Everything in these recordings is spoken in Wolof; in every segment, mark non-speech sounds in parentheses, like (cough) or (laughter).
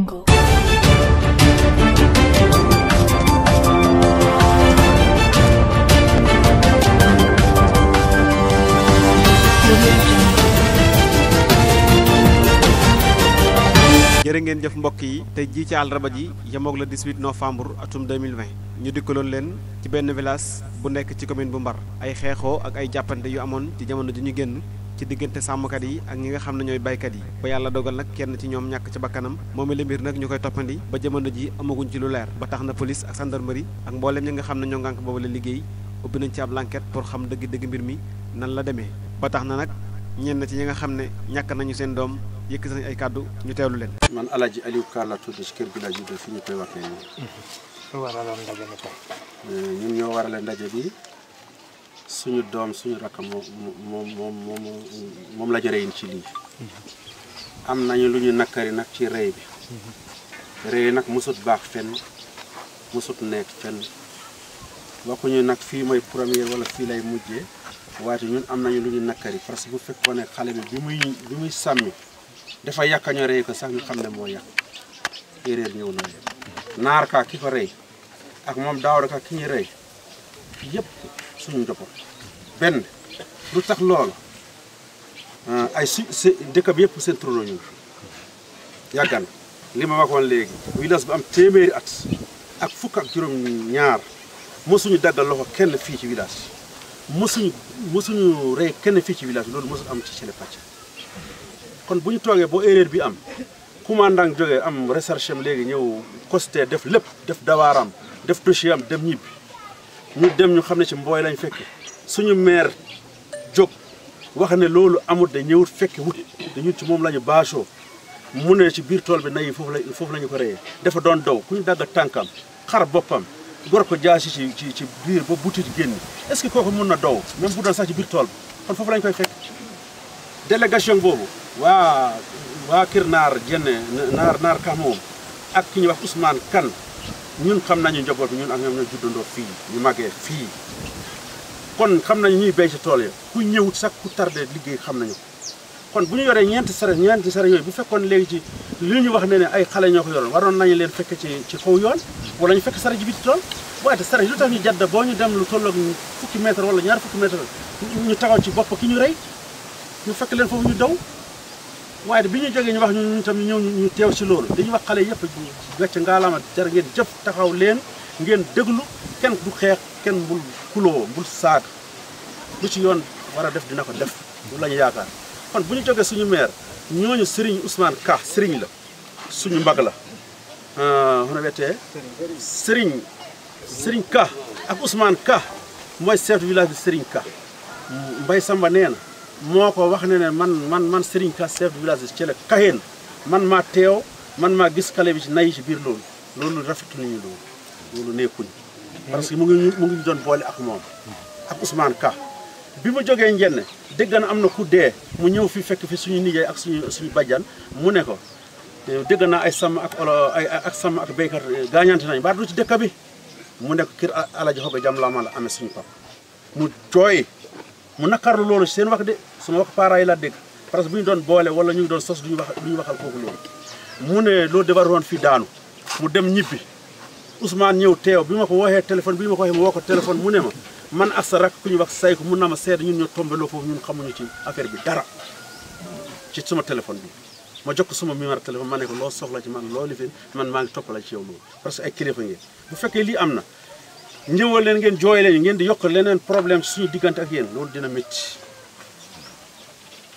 Jungle. ngeen jëf mbokk yi tey jii ci àllarba ji yemoog le 18 novembre atum 2020 ñu dikkaloon leen ci benn village bu nekk ci commune bu Mbar ay xeexoo ak ay jàppante yu amoon ci jamono ji ñu génn ci diggante sàmmkat yi ak ñi nga xam ne ñooy baykat yi ba yàlla dogal nag kenn ci ñoom ñàkk ci bakkanam moom la mbir nag ñu koy toppandi ba jamono ji amaguñ ci lu leer ba tax na police ak gendarmerie ak mbooleem ñi nga xam ne ñoo ngànk boobu la liggéey ubbi nañ ci ab enquête pour xam dëgg-dëgg mbir mi nan la demee ba tax na nag ñenn ci ñi nga xam ne ñàkk nañu seen doom yëkkati nañ ay kàddu ñu teewlu leen man Alaaji Aliou Ka la tudd ci kër gi la juddoo fi ñu koy waxee nii euh, ñun ñoo warale ndaje bi suñu doom suñu rakk moom moom moom moom la ñu reyin ci lii mhm. am nañu lu ñu nakkari nag ci rey bi mhm. rey nag mosut baax fenn mosut nekk fenn waxuñu nag fii mooy première wala fii lay mujjee waaye ñun am nañu lu ñu nakkari parce que bu fekkoon ne xale bi bi muy sàmmi dafa yàq ñu rey ko sax ñu xam ne moo yàq erreur ñëw na mhm. naar ka ki ko rey ak moom daaw ka ki ñu rey yëpp suñu njaboot benn lu tax loolu ah, ay su dëkk bi yëpp seen turandoo ñu ngi li ma waxoon léegi village bi am téeméeri at ak fukk ak juróom ñaar mosuñu daggal loxo kenn fii ci village mosuñu mosuñu rey kenn fii ci village loolu mosul am ci Thiély Pathia kon bu ñu toogee boo erreur bi am commandant jógee am recherche am léegi ñëw costé def lépp def dawaaram def dossier am dem ñibbi ñu dem ñu xam ne ci mbooy lañ fekk suñu maire jóg wax ne loolu amut da ñëwut fekki wut dañun ci moom lañu baasoo mu ne ci biir tool bi nayi foofu la foofu la ñu ko reyee dafa doon dow ku ñu dagg tànkam xar boppam gor ko jaasi ci ci ci biir ba butit génn est-ce kooku mun na daw même bu doon sax ci biir tool bi kon foofu lañ koy fekk délégation boobu waa waa Kër Naar Diène naar naar Ka moom ak ki ñuy wax Ousmane kan ñun xam nañu njaboot bi ñun ak ñoom ñoo juddandoo fii ñu màggee fii kon xam nañu ñuy béy si tool ya ku ñëwut sax ku tardé liggéey xam nañu kon bu ñu yoree ñeenti sare ñeenti sare yooyu bu fekkoon léegi ci li ñu wax ne ne ay xale ñoo ko yoroon waroon nañu leen fekk ci ci xaw yoon wala ñu fekk sare ji bi ci tool te sare yi lu tax ñu jadda boo ñu dem lu tolloog fukki mètre wala ñaar fukki mètre ñu taxaw ci bopp ki ñu rey ñu fekk leen foofu ñu waaye bi ñu jógee ñu wax ñun tam ñëw ñu teew si loolu dañu wax xale yëpp gàcce ngaalaama jar ngeen jëpp taxaw leen ngeen déglu kenn du xeex kenn bul kuloo bul saag lu ci yoon war a def dina ko def lu la yaakaar kon bu ñu jógee suñu meer ñooñu sëriñ Ousmane Ka sëriñ la suñu mbag la xana euh, wetee Serigne Serigne Ka ak Ousmane Ka mooy seetu de village bi Serigne Ka Mbay Samba nee na moo ko wax ne ne man man man Serigne Ka chef du village ci la man maa teew man maa gis xale bi ci nay ci biir loolu loolu rafetu nañu loolu loolu nekkuñ parce que mu ngi mu ngi doon boole ak moom ak Ousmane Ka bi mu jógee njenne dégg na am na ku dee mu ñëw fi fekk fi suñu nijaay ak suñu suñu bajjan mu ne ko eh, dégg naa ay sàmm ak olo ay ak sàmm ak béykat eh, gaañante nañ mbaa du ci dëkk bi mu nekk kër alaji xoga jam laa ma la amee suñu pap mu jooy mu naqarlu loolu seen wax de suma wax parents yi laa dégg parce que bu ñu doon boole wala ñu ngi doon sos duñu wax duñu waxal kooku loolu mu ne loolu defaroon fi daanu mu dem ñibbi Ousmane ñëw teew bi ma ko waxee téléphone bi ma ko waxee ma woo ko téléphone mu ne ma man ak sa rak ku ñu wax say ko mu na ma seede ñun ñoo tombeloo foofu ñun xamuñu ci affaire bi dara ci suma téléphone bi ma jokk suma numéro a ma ne ko loo soxla ci man loo lifin man maa ngi toppala ci yow loolu parce que ay kilifa ngeen lii am na njëwal leen ngeen jooy leen ngeen di yokk leneen problème suñu diggante ak yéen loolu dina métti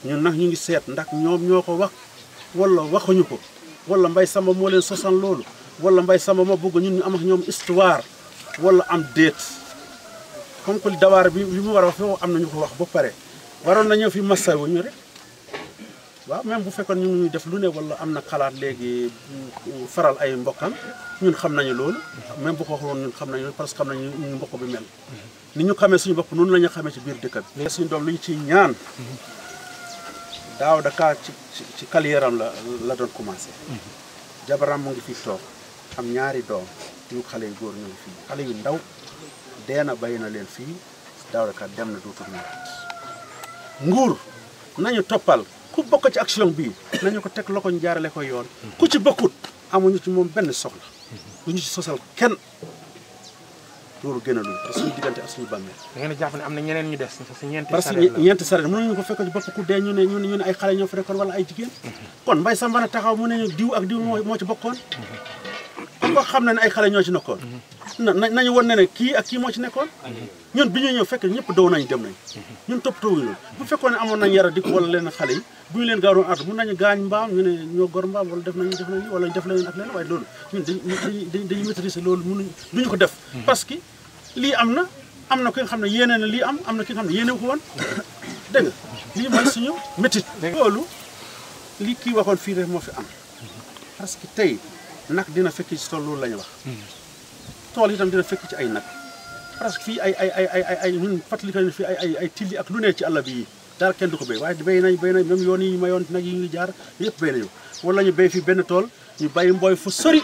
ñun nag ñu ngi seet ndax ñoom ñoo ko wax wala waxuñu ko wala mbay samba moo leen sosan loolu wala mbay samba ma bëgg ñun ñu am ñoom histoire wala am déet comme dawaar bi li mu war a wax foofu am na ñu ko wax ba pare waroon na ñëw fi massa wu ñu rek. waaw même bu fekkoon ñu ngi def lu ne wala am na xalaat léegi faral ay mbokkam ñun xam nañu loolu. même bu ko waxoon ñun xam nañu parce que xam nañu ñu mbokk bi mel. ni ñu xamee suñu bopp noonu la ñu xamee ci biir dëkk bi. suñu doom li ñu ciy ñaan. daaw Dakar ci ci ci carrière am la doon commencé. jabaram mu ngi fi toog am ñaari doom yu xale yu góor ñu ngi fii xale yu ndaw dee na bàyyi na leen fii daaw Dakar dem na dootul ñëw. nguur nañu toppal. ku bokk ci action bii nañu ko teg loxo ñu jaarale ko yoon ku ci bokkut ñu ci moom benn soxla du ñu ci sosal kenn loolu gën a lu parce que suñu diggante ak suñu bàmmeel da ngeen a jàpp ne am na ñeneen ñu des parce que ñeenti sareet mënuñu ko fekk ci bopp ku ñu ne ñu ne ay xale ñoo fi nekkoon wala ay jigéen kon mbay sambana taxaw mu ne ñu diw ak diw moo ci bokkoon ko xam na ne ay xale ñoo ci nekkoon na nañu woon ne ne kii ak kii moo ci nekkoon ñun bi ñu ñëw fekk ñëpp dow nañ dem nañ ñun toppatoo wuñu bu fekkoon ne amoon nañ yara dik wala leen xale yi bu ñu leen gaaroon at mun nañu gaañ mbaam ñu ne ñoo gor mbaam wala def nañu def nañu wala def nañu ak leen waaye loolu ñun dañuy dañuy maîtriser loolu ko def hmm. parce que lii am na am na ki xam ne yéene lii am am na ki yéene ko woon (coughs) dégg nga lii suñu métit loolu li kii waxoon fii rek moo fi am hmm. parce que tey nag dina fekk ci tool loolu la ñu wax hmm. tool yi itam dina fekk ci ay nag parce que fii ay ay ay ay ay ay ñun fàttali ko fii ay ay ay tilli ak lu ne ci àll bi daal kenn du ko béy waaye béy nañ béy nañ même yoon yi ñu mayoon nag yi ñuy jaar yëpp béy nañu wala ñu béy fii benn tool ñu bay mbooy fu sori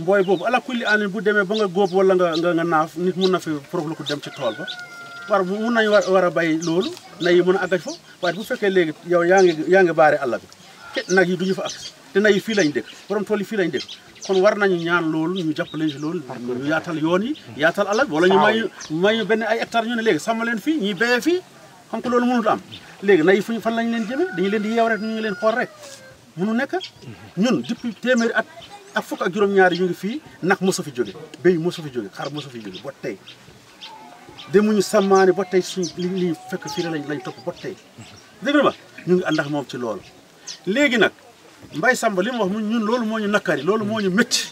mbooy boobu ala kulli anin bu demee ba nga góob wala nga nga naaf nit mun na fi problème ko dem ci tool ba war mun nañu war war a bay loolu nay yi mën a àggaj fa waaye bu fekkee léegi yow yaa ngi yaa ngi baare àll bi nag yi duñu fa ak te nag yi fii lañ dëkk borom tool yi fii lañ dëkk kon war nañu ñaan loolu ñu jàppale ci loolu ñu yaatal yoon yi yaatal alal wala ñu may may benn ay hectare ñu ne léegi sàmm leen fii ñuy béyee fii xam nga loolu mënut am léegi nay fuñ fan lañ leen jëmee dañu leen di yeew rek ñu ngi leen xool rek nu nekk mhm. ñun depuis téeméeri at ak fukk ak juróom-ñaari ñu fii nag mosu fi jóge béy mosu fi jóge xar mosu fi jóge ba tey demuñu sàmmaani ba tey suñ li li fekk fii lañ lañ topp ba tey mhm. dégg ba ma ñu ngi ànd ak moom ci loolu léegi nag mbay samba li mu wax ñun loolu moo ñu nakkari loolu moo ñu métti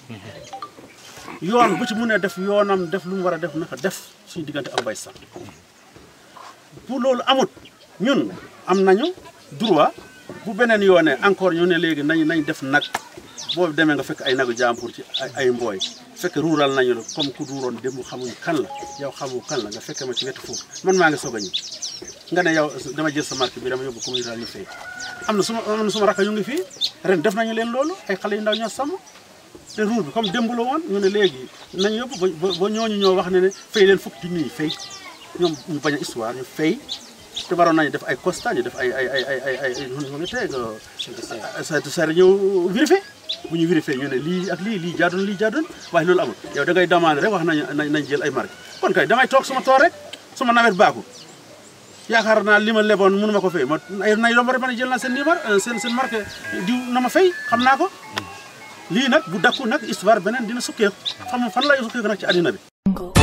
yoon bu ci mu mënee def yoonam def lu mu war a def naka def suñu diggante ak mbay samba pour loolu amut ñun am nañu droit bu beneen yoonee encore ñu ne léegi nañ nañ def nag boo demee nga fekk ay nagu jàmbur ci ay mbooy fekk ruural nañu la comme ku ruuroon démb xamuñu kan la yow xamu kan la nga fekkee ma ci wetu foofu man maa ngi soog a ñëw nga ne yow dama jël sa marque bi dama yóbbu commune rurale ñu fay ren def nañu leen loolu ay xale yu ndaw ñoo sàmm te ruur bi comme démb woon ñu ne léegi nañ yóbbu ba ba ñooñu ñoo wax ne ne fay leen fukki junni yi fay ñoom ñu bañ a histoire ñu fay te waroon nañu def ay constat ñu def ay ay ay ay ay ay ay euh, ñu ngi teg sa sa ñëw vérifié bu ñu vérifié ñu ne lii ak lii lii jaadoon lii jaadoon waaye loolu amul yow da ngay demandé rek wax nañ nañ jël ay marque kon kay damay toog suma tool rek suma nawet baaku yaakaar naa li ma leboon mënu ma ko fay ma nay doom ba ma ne jël naa seen numéro euh, seen seen marque diw na ma fay xam naa ko lii nag bu dakku nag histoire beneen dina sukkeeku xam fan lay sukkeeku nag ci àddina bi